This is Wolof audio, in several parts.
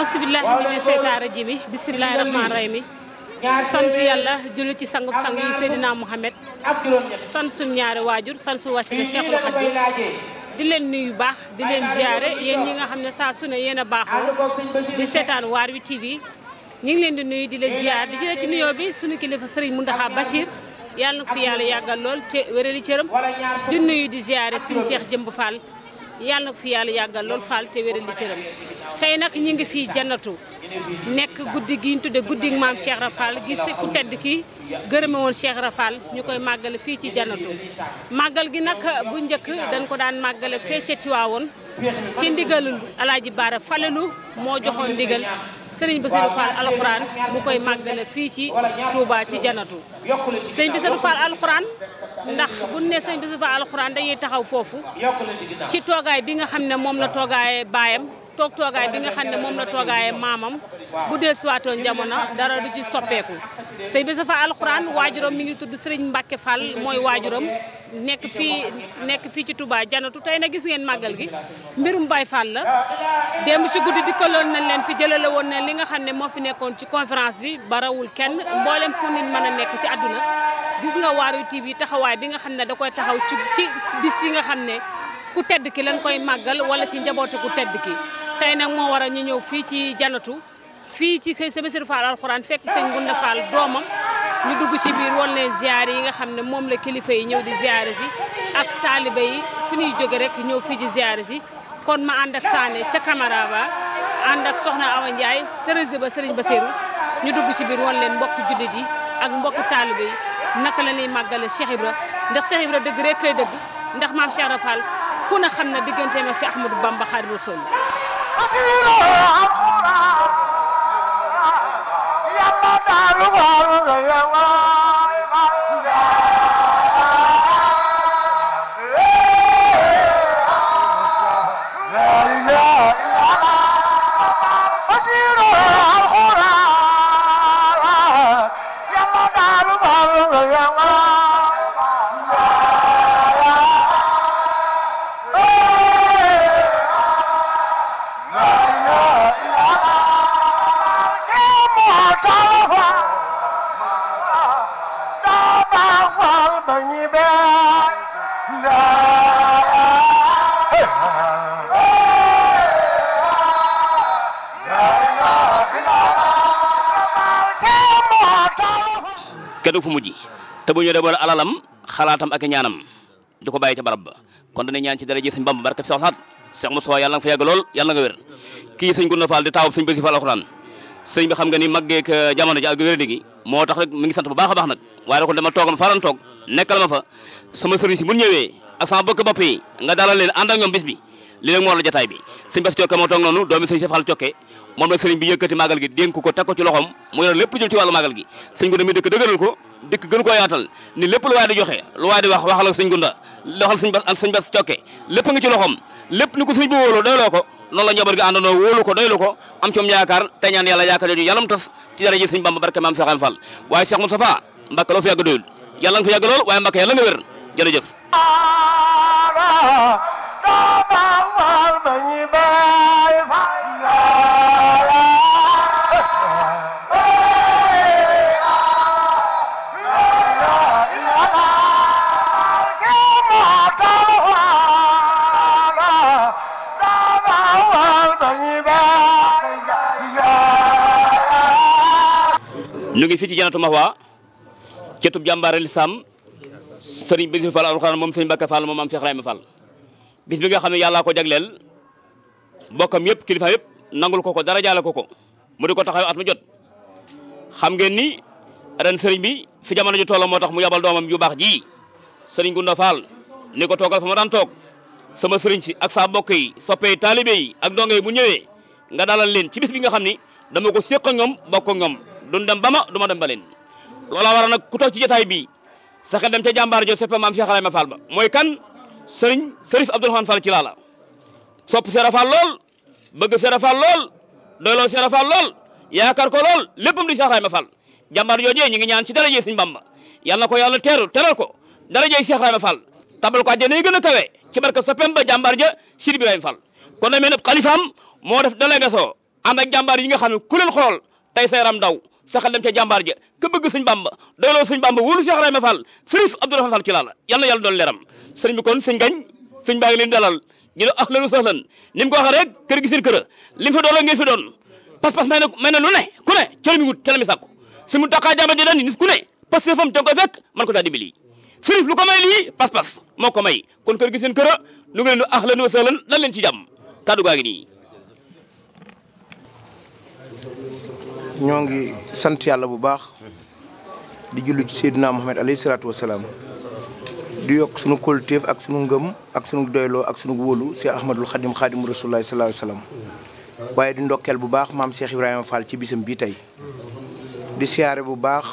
auzu billaahi mina seytaani rajiim bismillaahi rahmaani mi sant yàlla julli ci sangub sang yi Seydina Mouhamed sant suñ ñaari waajur sant su wasila Cheikhul Khadim di leen nuyu baax di leen ziare yéen ñi nga xam ne saa su ne yéen a baaxoo di seetaan waar wi TV ñu ngi leen di nuyu di la ziare di jëlee ci nuyoo bi suñu kilifa Sëriñ Muntaxa Bachir yàlla na ko fi yàlla yàggal lool ci wérali cëram di nuyu di ziare suñu Cheikh Jëmb Fall yàlla na fi yàlla yàggal lool faal te wéral li cëram tey nag ñi ngi fii jannatu nekk guddi gi ñu tudde guddi maam Cheikh Rafal gis si ku tedd ki gërëme woon Cheikh Rafal ñu koy màggale fii ci janatu màggal gi nag bu njëkk dañ ko daan màggale fee ca Tiwaawoon ci ndigalul alaaji Baara Falelu moo joxoon ndigal sëriñ Bassirou Fall alxuraan bu koy màggale fii ci Touba ci janatu sëriñ Bassirou Fall alxuraan ndax bu ne sëriñ Bassirou Fall alxuraan dañuy taxaw foofu ci toogaay bi nga xam ne moom la toogaay baayam toog toogaay bi nga xam ne moom la toogaay maamam bu dee siwaatoon jamono dara du ci soppeeku sa bi safa alxuraan waajuram mi ngi tudd Serigne Mbacke Fall mooy waajuram nekk fii nekk fii ci Touba janatu tey na gis ngeen màggal gi mbirum Baye Fall la démb ci guddi di nañ leen fi jëlale woon na li nga xam ne moo fi nekkoon ci conférence bi barawul kenn mboolem fu nit mën a nekk ci àdduna gis nga Waarwi TV taxawaay bi nga xam ne da koy taxaw ci ci bis yi nga xam ne ku tedd ki lañ koy màggal wala ci njabootu ku tedd ki tey nag moo waral ñu ñëw fii ci janatu fii ci kër Sëñ Bassirou Fall alxuraan fekk sëñ na Fall doomam ñu dugg ci biir wal leen ziare yi nga xam ne moom la kilifa yi ñëw di ziare si ak taaliba yi fu ñuy jóge rek ñëw fii ci ziare si kon ànd ak ca Camara ba Soxna Awa Ndiaye sërësi ba Sëriñ Bassirou ñu dugg ci biir wal leen mbokk jullit yi ak mbokk taaliba yi naka la ñuy màggale Cheikh Ibra ndax Cheikh Ibra dëgg rek kay dëgg ndax maam Cheikh Ibra Fall ku ne xam ne digganteem ak Cheikh Ahmadou Bamba Xaadimu Rasuul Yalla dalu walu ya wa طيبا لا kenn fu mujj te bu ñu deboon alalam xalaatam ak ñaanam di ko bàyyi ca barab ba kon dañuy ñaan ci dara ji sëñ Bamba barke fi soxlaat Cheikh Moussa yàlla nga fa yàgg lool yàlla nga wér kii sëñ Gunda Fall di taawub sëñ Basi Fall alxuraan sëñ bi xam nga ni màggeeg eh, jamono ji ak wér-digi moo tax rek mi ngi sant bu baax a baax nag waaye da ko dama toogam faran nekkal ma fa sama sëriñ si bu ñëwee ak sama bokk bapp yi nga dalal leen ànd ak ñoom bis bi li moo la jotaay bi sëñ Bass Cokke moo toog noonu doomi sëñ Cheikh Fall Cokke moom la sëriñ bi yëkkati màggal lépp lu waay di joxe lu waay di wax waxal ak sëñ Gunda Cokke lépp nga ci loxoom lépp ni ko sëñ bi wóoloo doyloo noonu la njaboot gi àndandoo wóolu ko doylu ko am ci yaakaar te ñaan yàlla yaakaar yooyu yàlla mu tas ci dara ji sëñ Bamba barke maam Cheikh Fall waaye Cheikh Moustapha yàlla nga fi yàgg lool waaye Mbàkke yàlla nga wér jërëjëf ñu ngi fii ci Jannatul Mahwa cëtub jàmbaare lislaam sëriñ bi Fall alxuraan moom sëriñ Mbàkke Fall moom am Cheikh Ibrahima Fall bis nga xam ne yàllaa ko jagleel bokkam yëpp kilifa yëpp nangul ko ko dara jaale ko ko mu di ko taxaw at mu jot xam ngeen ni ren sëriñ bi fi jamono ju toll moo tax mu yabal doomam yu baax ji sëriñ Gunda Fall ni ko toogal fa ma dan toog sama sëriñ si ak saa mbokk yi soppee taalibe yi ak donge yi bu ñëwee nga dalal leen ci bis nga xam ni dama ko séq bokk ñoom duñ dem loolaa waral nag ku toog ci jotaay bii sa dem ca jàmbaar ja soppa maam Cheikh Ibrahima Fall ba mooy kan sëriñ sërif Abdourahmane Fall ci laa la sopp Cheikh Fall lool bëgg Cheikh Fall lool doyloo Cheikh Fall lool yaakaar ko lool léppam di Cheikh Ibrahima Fall jàmbaar joojee ñu ngi ñaan ci darajee Sëriñ Bamba yal na ko yàlla teeru teral ko darajee Cheikh Ibrahima Fall tabal ko àjjana yi gën a kawe ci barke soppem ba jàmbaar ja Sidi Ibrahima Fall kon na mel ne xalifaam moo def délégué soo ànd ak jàmbaar yi nga xam ne ku xool tey sa yaram daw saxal dem ca jàmbaar ja ka bëgg suñ bamba doyloo suñ bamba wóolu Cheikh Ibrahima Fall Serif Abdourahmane Fall ci laala yal na yàlla doon leeram sëriñ bi kon suñ gañ suñ baa ngi wa sahlan ni mu ko waxee rek kër gi seen kër li mu fa dooloo ngeen fi doon pas-pas may na lu ne ku ne ca mi wut ca mi sàkku si mu daqaa jàmbaar ja daan ku ne parce que fam te koy fekk man ko daa dimbali Serif lu ko may lii pas-pas moo ko may kon kër gi seen kër lu ngi leen di ahlan wa sahlan dal leen ci jàmm kàddu gaa ngi nii ñoo ngi sant yàlla bu baax di jullu ci Seydina Muhammad alayhi salaatu di yokk sunu kóoluteef ak sunu ngëm ak sunu doyloo ak sunu wóolu Cheikh Ahmadul Xadim Xadimu Rasulullahi sallallahu waaye di ndokkeel bu baax maam Cheikh Ibrahima Fall ci bisam bii tey di siyaare bu baax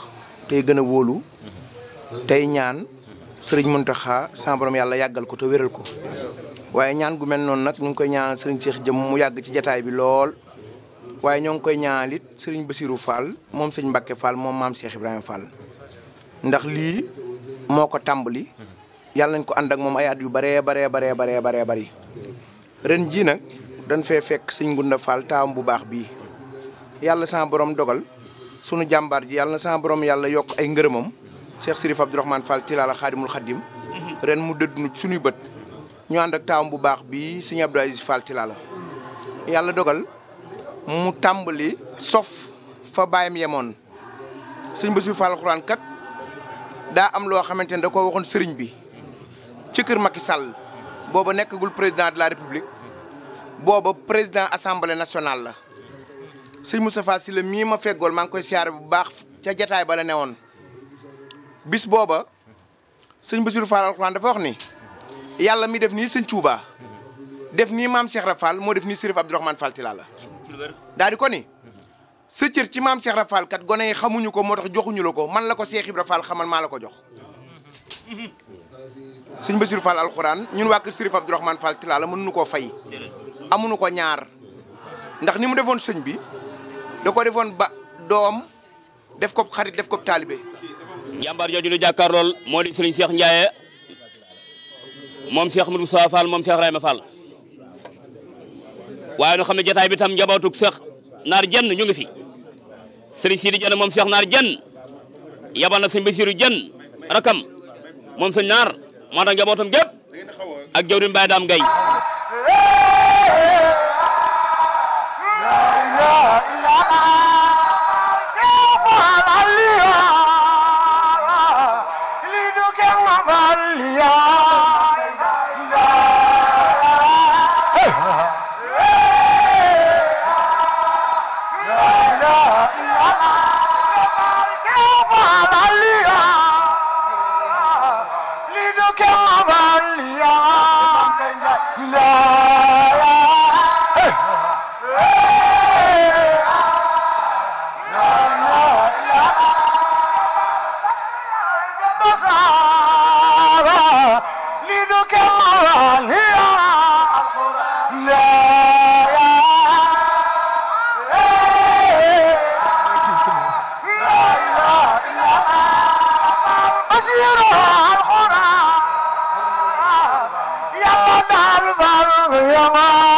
tey gën a wóolu tey ñaan sëriñ Muntaxa sama borom yàlla yàggal ko te wéral ko waaye ñaan gu mel noonu nag ñu ngi koy ñaanal sëriñ Cheikh jëm mu yàgg ci jataay bi lool waaye ñoo ngi koy ñaanal it sëriñ Bassirou Fall moom sëñ Mbacke Fall moom maam seex Ibrahima Fall ndax lii moo ko tàmbali yàlla nañ ko ànd ak moom ay at yu baree baree baree baree baree bëri ren jii nag dañ fee fekk sëñ Gunda Fall taawam bu baax bii yàlla sama borom dogal sunu jàmbaar ji yàlla na borom yàlla yokk ay ngërëmam Cheikh Sirif Abdourahmane Fall Tilala Xaadimul Xadim ren mu dëddnu suñuy bët ñu ànd ak taawam bu baax bii sëñ Abdou Aziz Fall Tilala dogal mu tàmbali sof fa baayam yemoon sëñ Bassirou Fall Alxuraan kat daa am loo xamante ne da ko waxoon sëriñ bi ci kër Macky Sall booba nekkagul président de la république booba président assemblée nationale la sëñ Moustapha Sylla mii ma feggool maa ngi koy siyaare bu baax ca jataay ba la newoon bis booba sëñ Bassirou Fall Alxuraan dafa wax ni yàlla mi def nii sëñ Tuubaa def nii maam Cheikh Ibra moo def nii Sërif Abdourahmane Fall Tilala daa di ko ni sa ci maam Cheikh Ibra kat gone yi xamuñu ko moo tax joxuñu la ko man la ko Cheikh Ibra Fall xamal maa la ko jox sëñ Bassirou Fall alxuraan ñun waa kër Sërif Abdourahmane Fall Tilala mënuñu koo fay amuñu ko ñaar ndax ni mu defoon sëñ bi da ko defoon ba doom def ko xarit def ko taalibe jàmbaar jooju lu jàkkaar lool moo di sëriñ Cheikh Ndiaye moom Cheikh Moustapha Fall moom Cheikh Rayma Fall waaye nu xam ne jotaay bi tam njabootug Seex Naar Jenn ñu fi sëriñ Sidi Jenn moom Seex Naar Jenn yabal na sëñ Basiru Jenn rakam moom sëñ Naar moo tax njabootam gépp ak jawriñ Mbaye Daam Gay Yeah. يا